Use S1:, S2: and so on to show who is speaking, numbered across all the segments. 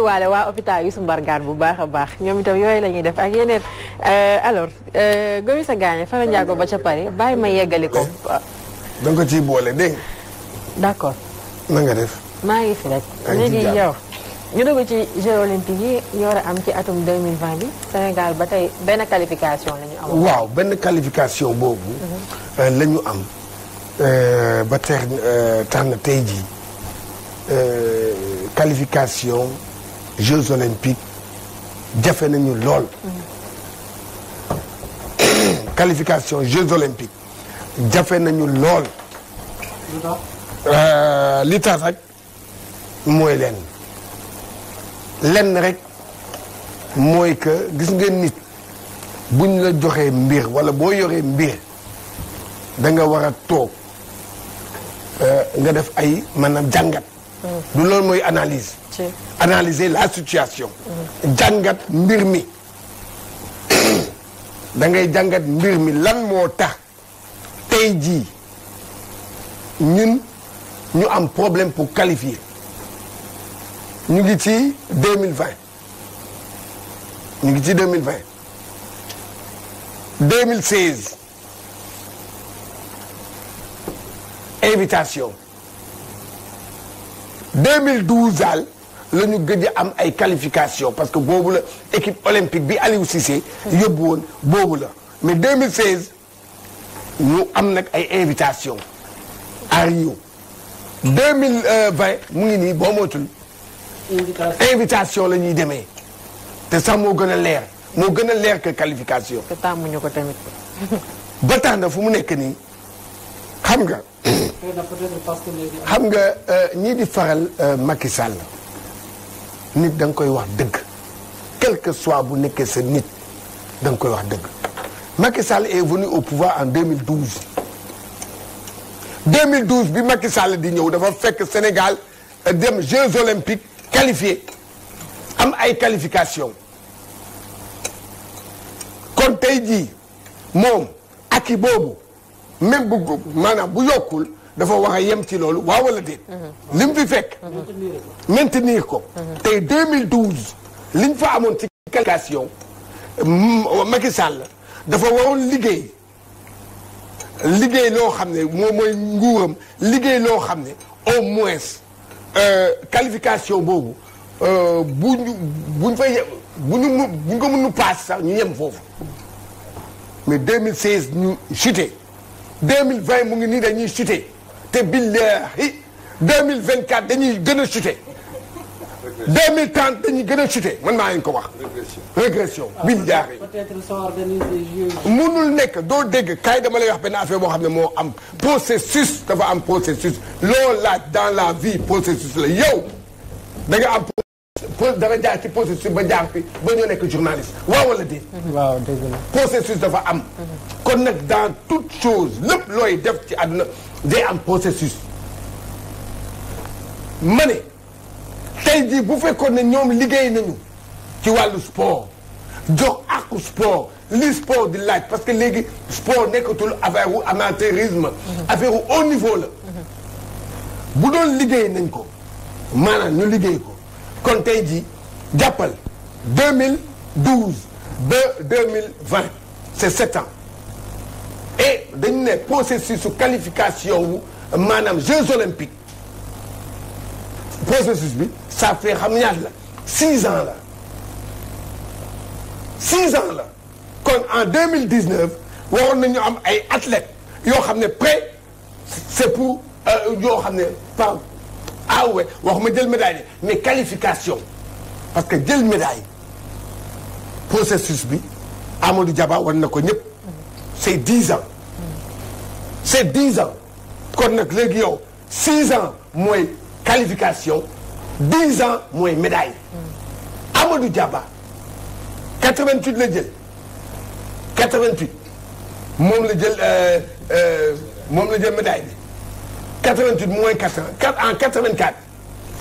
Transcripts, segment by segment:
S1: waale waa hôpital Youssou Mbargane bu baax a baax ñoom itam yooyu la ñuy def ak yeneen euh, alors euh, gomi sa gaañe fara ba ca pare bàyyi ma yeggali ko
S2: da ko ciy boole dégg d'accord na nga def maa ngi fi rek léegi yow
S1: ñu dugg ci jeux yi war a am ci atum 2020 bi Sénégal ba tey benn qualification la ñu
S2: am waaw benn qualification boobu euh, lañu ñu am ba teex tax na tey jii qualification Jeux olympiques jafe nañu lool. qualification jafe nañu lool. Euh, li tax rek mooy lenn lenn rek mooy que gis nga nit buñ la joxee mbir wala boo yoree mbir da nga war a toog euh, nga def ay maanaam jàngat. Mm. du loolu mooy analise analyser la situation. jàngat mbir mi da ngay jàngat mbir mi lan moo tax tey jii ñun ñu am problème pour qualifier ñu ngi ci deux mille ñu ngi ci deux mille vingt deux mille seize invitation deux mille douze la ñu gëj a am ay qualification parce que boobu la équipe olympique bi Aliou Cissé. yóbbu woon boobu la mais 2016 ñu am nag ay invitation à Rio 2020 mu ngi nii boo mootul invitation la ñuy demee te sax moo gën a leer moo gën a leer que qualification. te tàmmuñu ko tamit. ba tax fu mu nekk nii xam nga. xam nga euh, ñii di faral euh, Macky nit da nga koy wax dëgg quelque que soit bu nekkee sa nit da koy wax dëgg Macky Sall est venu au pouvoir en 2012 2012 bi Macky Sall di ñëw dafa fekk Sénégal euh, dem Jeux olympiques qualifié am ay qualification kon tey jii moom ak i boobu maanaam bu yokkul dafa wax yem ci loolu waaw wala déet. li mu fi fekk. maintenir ko. tey 2012 li ñu fa amoon ci qualification mm, Macky Sall dafa waroon liggéey liggéey loo xam ne moo mooy nguuram liggéey loo xam ne au moins euh, qualification boobu euh, bu ñu bu ñu fay bu ñu mu bu ñu ko mën paas sax ñu yem foofu mais 2016 ñu chuté mu ngi nii dañuy chuté. te billahi 2024 dañuy gën a chuté 2030 dañuy gën a chuté man maa ngi ko wax. régression billahi nul nekk doo dégg kaay dama lay wax benn affaire boo xam ne moo am processus dafa am processus loo laaj dans la vie processus la yow da nga am. pour dara jaar ci processus ba jaar ba ñoo nekk journaliste waaw wala déet. waaw dëgg la processus dafa am. kon nag dans tout chose lépp looy def ci àdduna day am processus. mane ne tey jii bu fekkoon ne ñoom liggéey nañu ci wàllu sport jox ak sport li sport di laaj parce que léegi sport nekkatul affaire wu amateurisme. affaire wu haut niveau la. Mhm. bu doon liggéey nañ ko maanaam ñu liggéey ko. kon tey jii jàppal 2012 ba 2020 c'est sept ans et dañu ne processus su qualification wu maanaam Jeux olympiques processus bi ça fait xam ñaat la six ans la six ans la kon en 2019 waroon nañu am ay athlètes yoo xam ne prêt c'est pour euh, yoo xam ne par ah wax waxuma jël médaille mais qualification parce que jël médaille processus bi Amadou Diaba war na ko ñëpp c'est dix ans c'est dix ans kon nag léegi yow six ans mooy qualification dix ans mooy médaille Amadou Diaba 88 la jël 88 moom la jël euh, euh, moom la jël médaille bi 88 moins 4 en 84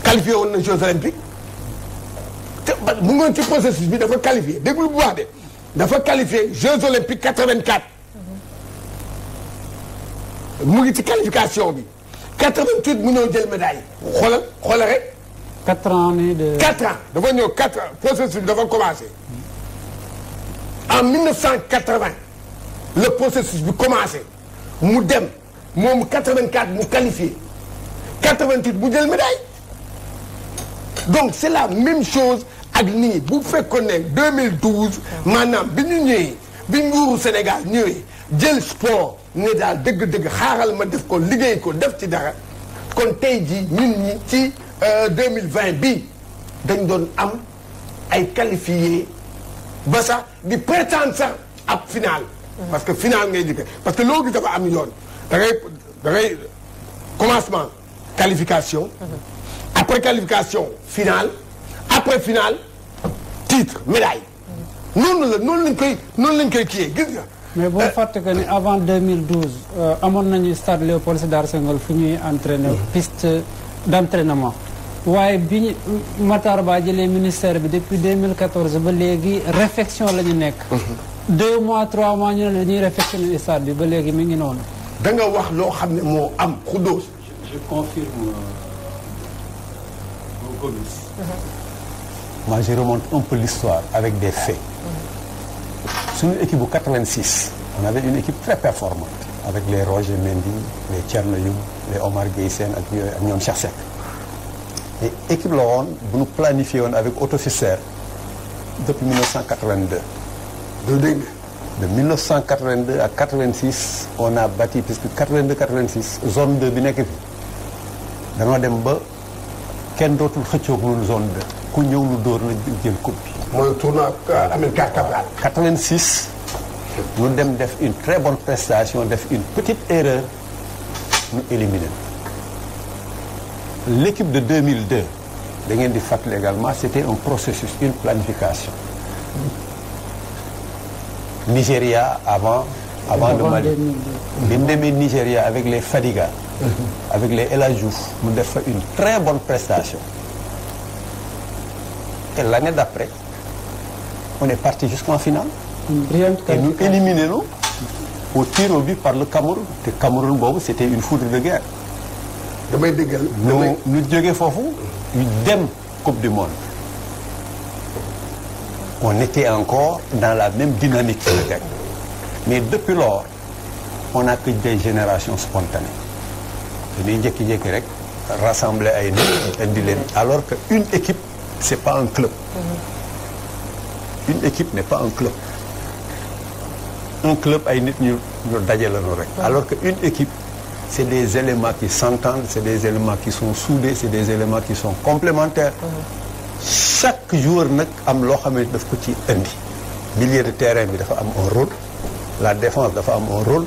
S2: qualifié woon na Jeux olympiques te mu ngoon ci processus bi dafa qualifié déglu bu baax de dafa qualifié Jeux olympiques 84 mu ngi ci qualification bi 88 mu ñëw jël médaille xoolal xoolal rek. 4 ans nii de. 4 ans dafa ñëw 4 ans processus bi dafa commencé en 1980 le processus bi commencé mu dem. moom 84 mu qualifié 88 bu jël médaille donc c' est la même chose ak nii bu fekkoon ne 2012 maanaam bi ñu ñëwee bi nguuru Sénégal ñëwee jël sport ne daal dëgg-dëgg xaaral ma def ko liggéey ko def ci dara kon tey jii ñun ñi ci 2020 euh, bi dañ doon am ay qualifié ba sax di prétendre sax ab final. Mm. parce que final ngay dikkee parce que loo gis am yoon. da ngay da commencement qualification. Mm-hmm. après qualification finale après finale titre médaille. noonu la noonu lañ koy noonu lañ koy kiiyee gis nga.
S3: mais boo eh. fàtte que ni avant 2012 euh, amoon nañu stade Léopold Sédar Senghor fu ñuy entraîner mm-hmm. piste d' entraînement. waaye bi ñu Matar jëlee ministère bi depuis 2014 ba léegi réfection la ñu nekk. Mm-hmm. deux mois trois mois ñu ne la ñuy réfectionner stade bi ba léegi mi ngi noonu. da nga wax loo xam ne moo am xuddoos. je confirme mon euh, commis. moi je remonte un peu l'histoire avec des faits. suñu équipe bu 86. on avait une équipe très performante. avec les Roger Mendy les Thierno les Omar Gueye Sène ak yooyu ak ñoom Cheikh Seck. équipe la woon bu ñu planifié woon avec Autofisser depuis 1982. doo de 1982 à 86 on a bati puisque 82 86 zone 2 bi nekk fi dañoo dem ba kenn dootul xëccoog lu zone 2 ku ñëw lu dóor la jël coupe bi. mooy tournoi Amine Carter 86 ñu dem def une très bonne prestation def une petite erreur ñu éliminé l'équipe de 2002 da ngeen di fàttali également c'était un processus une planification. Nigeria avant avant le Mali bi mu demee Nigeria avec les Fadiga avec les El Hadj mu def fa une très bonne prestation et l'année d'après on est parti jusqu'en finale et nous éliminons au tir au but par le Cameroun te Cameroun boobu c'était une foudre de guerre damay déggal jege foofu ñu dem coupe du monde on était encore dans la même dynamique peut-être. E Mais depuis lors, on n'a que des générations spontanées. C'est-à-dire rassembler à une alors qu'une équipe, ce n'est pas un club. Une équipe n'est pas un club. Un club a une Alors qu'une équipe, c'est des éléments qui s'entendent, c'est des éléments qui sont soudés, c'est des éléments qui sont complémentaires. chaque joueur nag am loo xam ne daf ko ci indi milieu de terrain bi dafa am un rôle la défense dafa am un rôle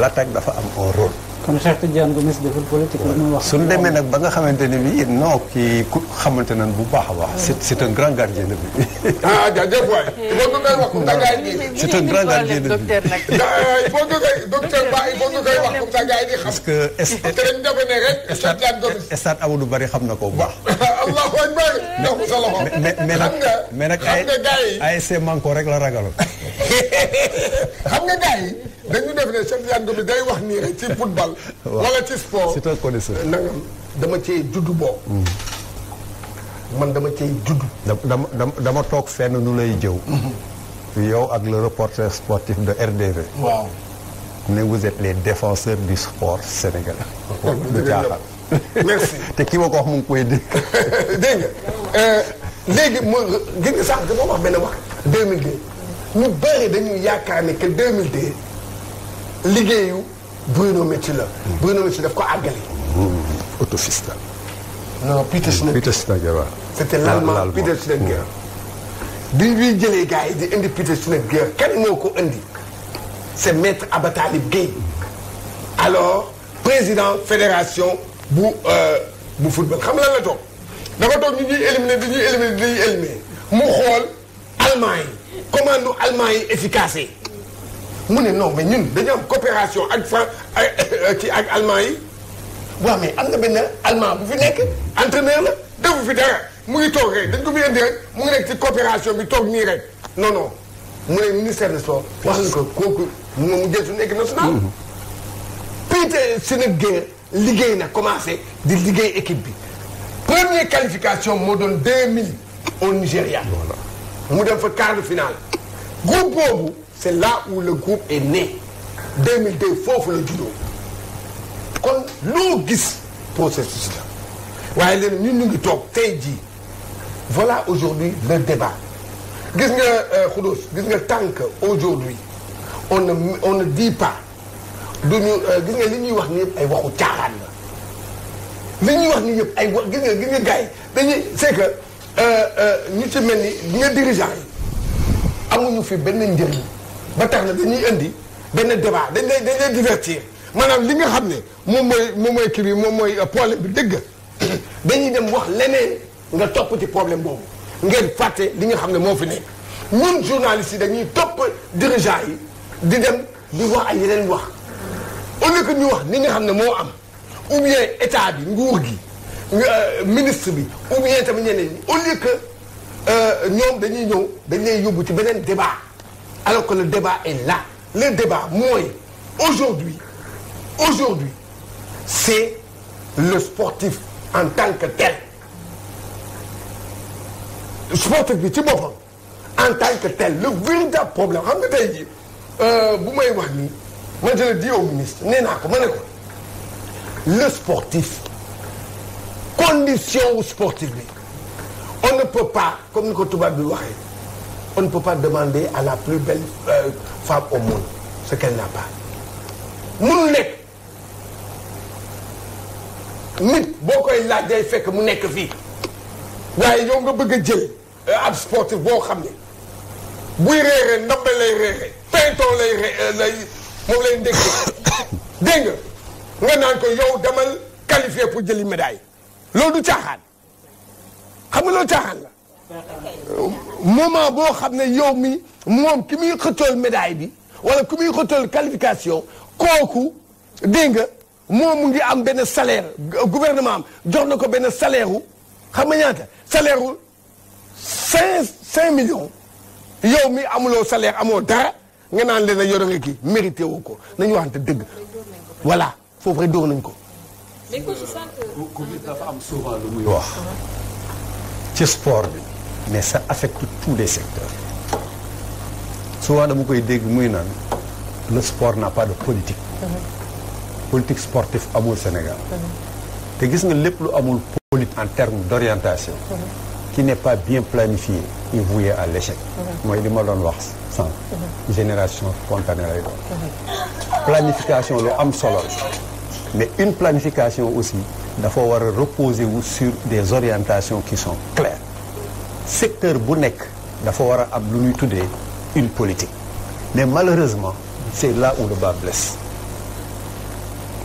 S3: l'attaque dafa am un rôle kon Cheikh Tidiane Gomis deful politique la muy wax. suñ demee nag ba nga xamante ne bii non kii ku xamante nan bu baax a baax. c'est c'est
S2: un grand gardien de but. ah jaajëf waay. il faut que ngay wax comme ça gars yi di. c'est un grand gardien de but. Euh, il faut que ngay docteur Ba il faut que ngay wax comme ça gars yi di xam. parce que est parce que dañu defe ne rek.
S3: Cheikh Tidiane Gomis stade Amadou Barry xam na ko bu baax.
S2: allahu akbar. ndax sa loxo. mais mais nag mais nag ay
S3: ASC Manko rek la ragaloon.
S2: xam nga gars dañu def ne Cheikh Tidiane day wax nii rek ci football. wala ci sport nangam dama cee juddu boobu. Hmm. man dama cee juddu.
S3: dama dama dama toog fenn nu lay jëw.
S2: Hmm.
S3: yow ak le reporter sportif de RDV. waaw. ne vous êtes les du sport sénégalais. du caaxaan. te ki ma ko wax mu ngi koy dégg.
S2: dégg euh, léegi mu gis nga dama wax benn wax 2002. ñu bëri dañuy yaakaar ne que 2002 liggéeyu Bruno Metsu la. Hmm. Bruno Metsu daf ko àggali.
S3: Otto hmm. Pfister. non Peter Schnittger Peter Schnittger waaw. c' était l' allemand Peter Schnittger.
S2: Hmm. bi ñuy jëlee gars yi kan moo ko indi. c' est maître Abba Talib Gueye. alors président fédération bu euh, bu football xam lan la toog. dafa toog ñu ñuy éliminer dañuy éliminer dañuy mu xool allemand commande allemand yi efficace mu ne non mais ñun dañu am coopération ak Fran ci euh, ak allemand yi waaw mais am na benn allemand bu fi nekk entraîneur la defu fi dara mu ngi toog rek dañ ko fi indi rek mu ngi nekk ci coopération bi toog nii rek non non mu ne ministère des sports wax nga ko kooku moom mu jël nekk équipe nationale. Mm-hmm. Peter Sénégal liggéey na commencé di liggéey équipe bi première qualification moo doon 2000 au Nigéria. mu dem fa quart de finale groupe boobu c' est là où le groupe est né 2002 foofu la juddoo kon loo gis processus la waaye leen ñun ñu ngi toog tey jii voilà aujourd'hui le débat gis nga euh, Khoudous gis nga tànk aujourd'hui on ne on ne dit pas du ñu euh, gis nga li ñuy wax ni yëpp ay waxu caaxaan la li ñuy wax ni yëpp ay wax gis nga gis Euh, euh, ñu ci mel ni nga dirigeant yi amuñu fi benn njëriñ ba tax na dañuy indi benn débat dañ lay dañ divertir maanaam li nga xam ne moom mooy moom mooy kii bi moom mooy euh, problème bi dëgg dañuy dem wax leneen nga topp ci problème boobu ngeen fàtte li nga xam ne moo fi nekk ñun journalistes yi dañuy topp dirigeant yi di dem di wax ay wax au lieu que ñu wax li nga xam ne moo am ou bien état bi nguur gi. Euh, ministre bi ou bien tamit ñeneen ñi au lieu que euh, ñoom dañuy ñëw dañ lay yóbbu ci beneen débat alors le débat est là le débat mooy aujourd'hui aujourd'hui c'est le sportif en tant que tel sportif bi ci boppam en tant que tel le véritable problème xam nga tey jii euh, bu may wax nii ma je le dis au nee naa ko ma ne ko le sportif condition sportive bi on ne peut pas comme ni ko tubaab bi waxee on ne peut pas demander à la plus belle euh, femme au monde ce qu'elle n'a pas mun nekk nit boo koy laaj day fekk mu nekk fii waaye yow nga bëgg a jël euh, ab sportif boo xam ne buy réeree ndambe lay réeree peinton lay euh, lay moom lay ndékkee dégg nga nga naan ko yow demal qualifié pour jël jëli médaille loolu du caaxaan xam nga caaxaan la moment boo xam ne yow mi moom ki muy xëccool médaille bi wala ki muy xëccool qualification kooku dégg nga moom mu ngi am benn salaire gouvernement am jox na ko benn salaire xam nga ñaata salaire wu cinq cinq millions yow mi amuloo salaire amoo dara nga naan leen a yore nga kii mérité ko nañu waxante dëgg voilà foofu rek dóor nañ ko
S3: mais dafa am souvent lu muy wax.
S2: ci sport bi.
S3: mais ça affecte tous les secteurs. souvent dama koy dégg muy naan le sport n'a pas de politique.
S1: Mm-hmm.
S3: politique sportive amul Sénégal.
S1: Mm-hmm.
S3: te gis nga lépp lu amul politique en termes d'orientation. ki mm-hmm. ne pas bien planifié est voué à l'échec. mooy li ma doon wax sànq. génération spontanée lay doon. planification lu am solo mais une planification aussi dafa war a reposer wu sur des orientations qui sont claires secteur bu nekk dafa war a am lu ñuy tuddee une politique mais malheureusement c'est là où le bas blesse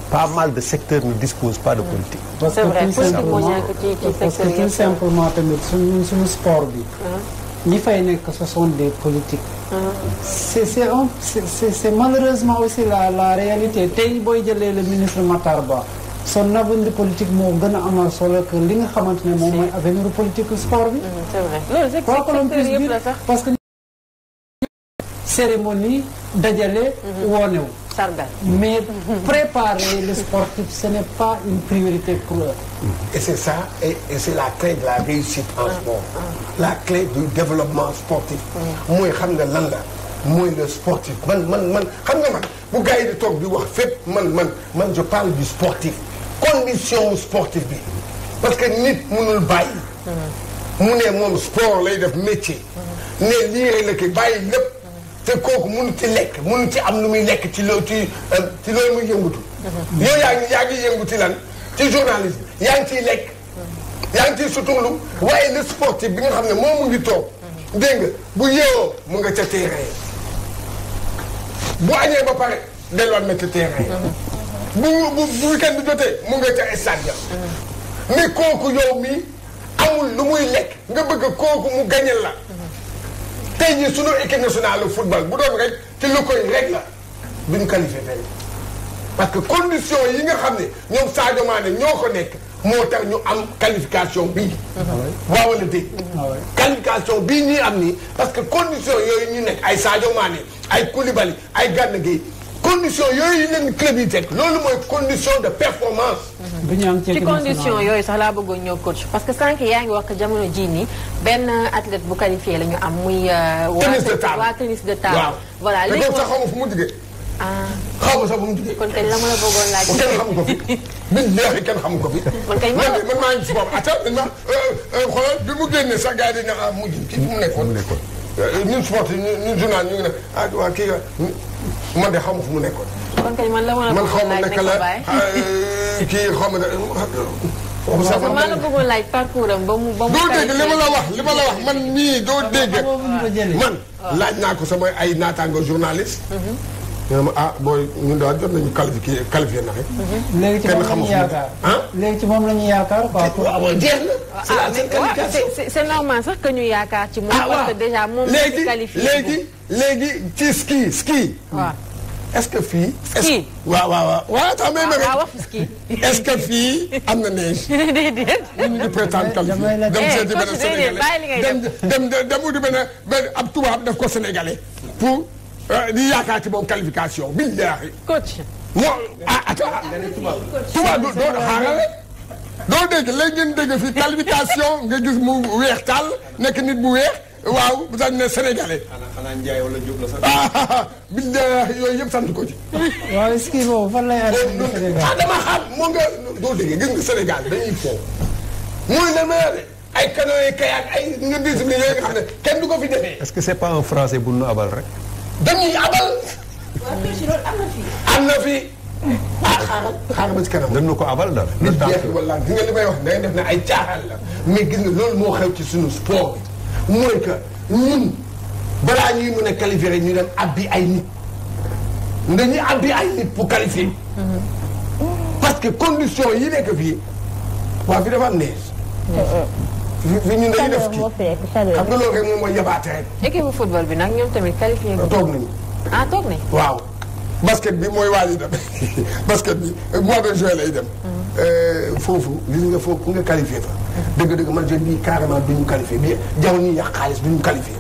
S3: pas mal de secteurs ne dispose pas de politique. parce que tout simplement tamit suñu suñu sport bi. ñi fay nekk ce sont des politiques. c'est c'est un c'est c'est malheureusement aussi la la réalité tey booy jëlee le ministre Matar Ba. son avenir politique moo gën a amal solo que li nga xamante ne moom mooy avenir politique sport bi.
S1: c'est vrai loolu que parce que cérémonie dajale.
S2: woonewu sargal
S1: mais préparer les sportifs ce n'est pas une
S2: priorité pour eux. et c'est ça et, et c'est la clé de la réussite en sport ah, ah. la clé du développement sportif mm. mooy xam nga lan la mooy le sportif man man man xam nga man bu gars yi di toog di wax fépp man man man je parle du sportif condition sportive bi parce que nit mënul bàyyi
S1: mm.
S2: mu ne moom sport lay def métier mm. ne lii rek la ki bàyyi lépp te kooku mënu ci lekk mënu ci am lu muy lekk ci loo ci euh, ci loolu muy yëngutu yow yaa ngi yaa ngi lan ci journalisme yaa ngi ciy lekk yaa ngi ciy suturlu waaye le sportif bi nga xam ne moom mu ngi toog dégg nga bu yeewoo mu nga ca terrain bu añee ba pare delluwaat na ca terrain bu bu bu weekend bi mu nga ca stade ya mais kooku yow mii amul lu muy lekk nga bëgg kooku mu gañal la tey jii sunu équipe nationale football bu doon rek ci lu koy rek la duñ qualifié fenn parce que condition yi nga xam ne ñoom Sadio ñoo ko nekk moo tax ñu am qualification bii. waaw wala qualification bii ñuy am nii parce que condition yooyu ñu nekk ay Sadio Mané ay Koulibaly ay Gana Gueye condition yooyu leen club yi teg loolu mooy condition de performance. ci condition yooyu
S1: sax laa bëggoon ñëw coach parce que sànq yaa ngi wax que jamono jii nii benn athlète bu qualifié la ñu am muy. Euh, tennis de table waa tennis de table. voilà léegi sax xaw
S2: ma fu mu jugee. Ah. xaw ma sax fu mu jugee. kon kañ la ma la bëggoon laaj. kenn xamu ko fi min neexi kenn xamu ko fi. man kañ ma man maa ngi ci boobu atta man ma euh, euh, xoolal bi mu génnee sax gars yi dañu naan ah mujj ci fi mu nekkoon. Euh, ñun sportif ñun journal ñu ngi ne ah waa kii man de xaw ma fu mu nekkoon.
S1: kon kay man la ma la man xaw ma nekk la
S2: kii xaw ma ne. waaw man la
S1: bëggoon laaj parcours am ba mu ba mu. doo dégg li ma la wax li ma la wax
S2: man nii doo dégg. man laaj naa ko sama ay naataango journaliste. Mm-hmm. ñu ne ah booy ñun daal jot nañu qualifié qualifié na mhm. léegi ci moom la ñuy yaakaar ah? léegi ci moom la ñuy yaakaar quoi. pour ah, ah,
S1: c'est normal sax que ñu yaakaar ci moom. parce que déjà moom la ñu qualifié léegi
S2: léegi ci ski ski. waaw est-ce que fii. ski waaw waaw waaw. waaw tax may bëgg ski. est-ce que fii am na neige. déedéet. ñu ngi prétendre qualifié dem eh, seeti benn sénégalais dem dem dem uti benn ab tubaab def ko sénégalais pour. Eh, di yaakaar ci moom qualification billahi. coach. waaw ah attends. Ah. tubaab doo doo xaaral rek. doo dégg léegi ngeen dégg fii qualification nga gis mu weex taal nekk nit bu weex waaw bu sax ne sénégalais. xanaa Ndiaye wala Diop la sax. Ah, ah, billahi yooyu yëpp sant ko ci. waaw est-ce que boobu fan lay oh, ah dama xam moo nga doo dégg gis nga Sénégal dañuy foofu. muy demee ay kanoy kayak ay nga discipline yooyu nga xam ne kenn du ko fi defee.
S3: est-ce que c'est pas un français bu nu abal rek.
S2: dañuy abal. am na fi. ah xaaral xaaral ba ci kanam. dañu ko abal dara. nit jeex wala gis nga li may wax da def ne ay caaxaan la mais gis nga loolu moo xew ci sunu sport bi mooy que ñun balaa ñuy mën a qualifier ñu dem abbi ay nit dañuy abbi ay nit mm-hmm. parce que condition yi nekk fii waa fi dafa am neige. bi ñun dañuy def kii xam nga loolu rek moom mooy yabaate rek.
S1: équipe bu football bi nag ñoom tamit qualifié. toog nañu. ah toog nañu.
S2: waaw basket bi mooy waaj dem basket bi mois de juin lay dem. Mm-hmm. Euh, foofu gis nga foofu ku nga qualifié fa. dëgg-dëgg man je dis carrément duñu qualifié mais jarul ñuy yàq xaalis duñu qualifié.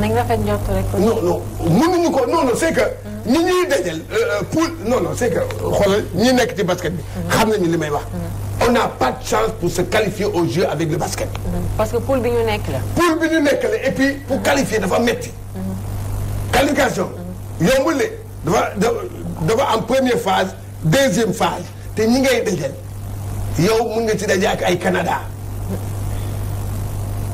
S1: nañ rafet njort rek.
S2: non non mënuñu ko non non c'est que. Mm-hmm. ñi ñuy dajal euh, euh, poule non non c'est que xoolal ñi nekk ci basket bi. Mm-hmm. xam nañu li may wax. on n'a pas de chance pour se qualifier au jeu avec le basket.
S1: parce que poule bi ñu nekk la.
S2: poule bi ñu nekk la et puis pour qualifier dafa metti qualification. yombul dafa dafa am phase deuxième phase te ñi ngay dajal mun nga ci daje ak ay Canada.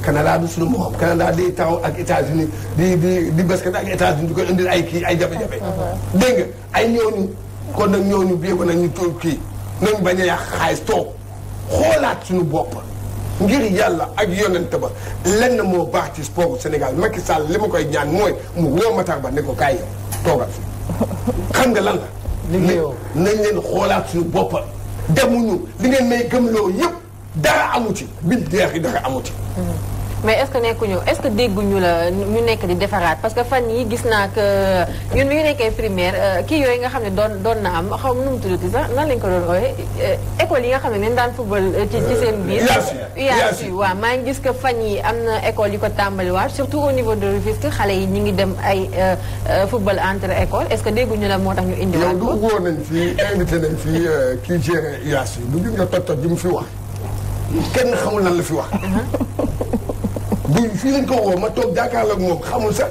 S2: Canada du suñu moom Canada di taw ak États-Unis di di di basket ak États-Unis di ko indil ay kii ay jafe-jafe. Uh-huh. dégg ay ñooñu kon nag ñooñu biyee ko nag kii. nañ bañ a yàq xaalis toog xoolaat suñu bopp ngir yàlla ak yonent ba lenn moo baax ci sport Sénégal Macky Sall li ma koy ñaan mooy mu woo Matar Ba ne ko kaay yow toogal fi xam nga lan la. nañ leen xoolaat suñu bopp demuñu li ngeen gëm loo yëpp dara amu ci. biñ deex yi dara amu ci.
S1: mais est-ce que nekkuñu est-ce que dégguñu la ñu nekk di defaraat parce que fan yi gis naa que ñun mi ñu nekkee primaire euh, kii yooyu nga xam ne doon doon na am xaw ma nu mu tuddati sax nan lañ ko doon ooyee euh, école yi nga xam ne dañ daan football euh, ci ci seen biir UASSU waaw maa ngi gis que fan yi am na école yi ko tàmbaliwaat surtout au niveau de Rufisque xale yi ñu ngi dem ay football entre école est-ce que dégguñu la moo tax ñu indiwaat ko
S2: yow du woo nañ fii invité nañ fii kii géré UASSU du gis nga toj toj mu fi wax kenn xamul lan la fi wax uh-huh. bu fii lañ ko woo ma toog jàkkaarloog moom xamul sax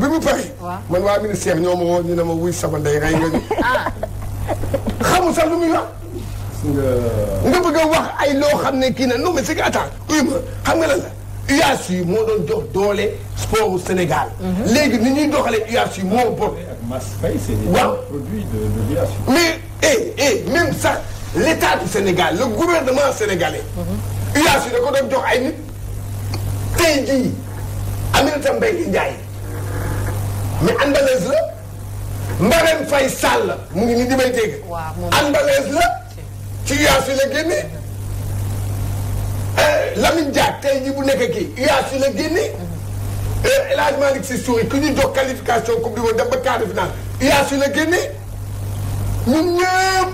S2: bi mu pare. man waa ministère ñoo ma woo ñu ne ma wuy sama ndey rey nga ñu. Ah. xamul sax lu muy wax. nga bëgg a wax ay loo xam ne kii na non mais c'est que attends uy ma xam nga lan la. UAS yi moo doon jox doole sport au Sénégal. Mhm. léegi ni ñuy doxalee UAS yi moo bon. waaw. mais eh eh même sax l' état du Sénégal le gouvernement sénégalais. Mhm. UAS yi da ko doon jox ay tey jii Aminata Mbengue Ndiaye mais andalaise la Marème Faye Sall mu ngi ni di may dégg. andalaise la ci UAS la génne eh, Lamine Diack tey jii bu nekk kii UAS la génne eh, El Hadj Malick Sy Souris ku ñu jox qualification coupe du monde dem ba quart de finale la génne ñun ñëpp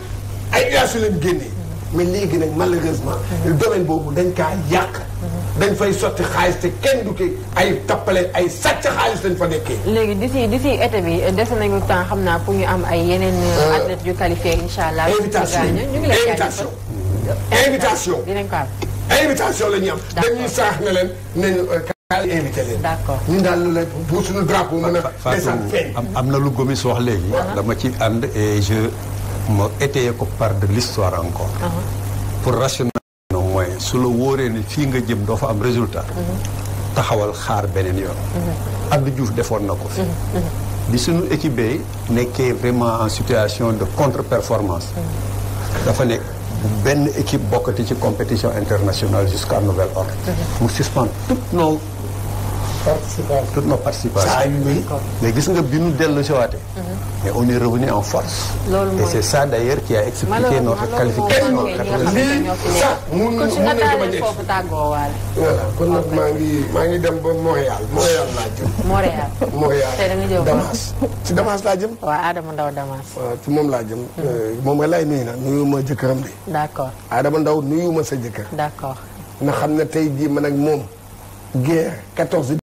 S2: ay UAS lañ génne mm-hmm. mais léegi nag malheureusement mm-hmm. domaine boobu dañ kaa yàq. Mm-hmm. dañ fay sotti xaalis te kenn du ki ay tappale ay sàcc xaalis lañ fa nekkee.
S1: léegi d'ici d'ici été bi des nañu temps xam naa pour ñu am ay yeneen. Euh, euh, athlètes yu qualifié incha allah. invitation ñu invitation
S2: invitation dinañ ko am. invitation la ñuy am. dañuy saax na leen euh, daal lu la bu suñu a. desal feeñ
S3: am na lu Gomis wax léegi. dama ci ànd et je ma étayé ko par de l'histoire encore. Uh-huh. pour rationaliser. su la wóoree ne fii nga jëm doo fa am résultat taxawal xaar beneen yoon Abdou Diouf defoon na ko fi bi suñu équipe yi nekkee vraiment en situation de contre-performance dafa nekk bu benn équipe bokkati ci compétition internationale jusqu'à nouvel ordre mu suspendre toutes nos participation toute notre participation. gis nga bi ñu dellu si waatee. Mhm. mais on est en force. et c'est ça d'ailleurs qui a expliqué notre qualification. lii
S1: sax
S2: mun mun nañu ko
S1: def voilà
S2: kon nag maa ngi maa ngi dem ba Montréal Montréal laa jëm. Montréal
S1: Montréal. tey da nga jëm
S2: Damas. laa jëm. waaw Adama Ndaw moom laa jëm. Mhm. Euh, moom nga lay nuyu jëkkëram de. d'accord Adama Ndaw nuyu sa jëkkër. na xam ne tey jii man ak moom guerre 14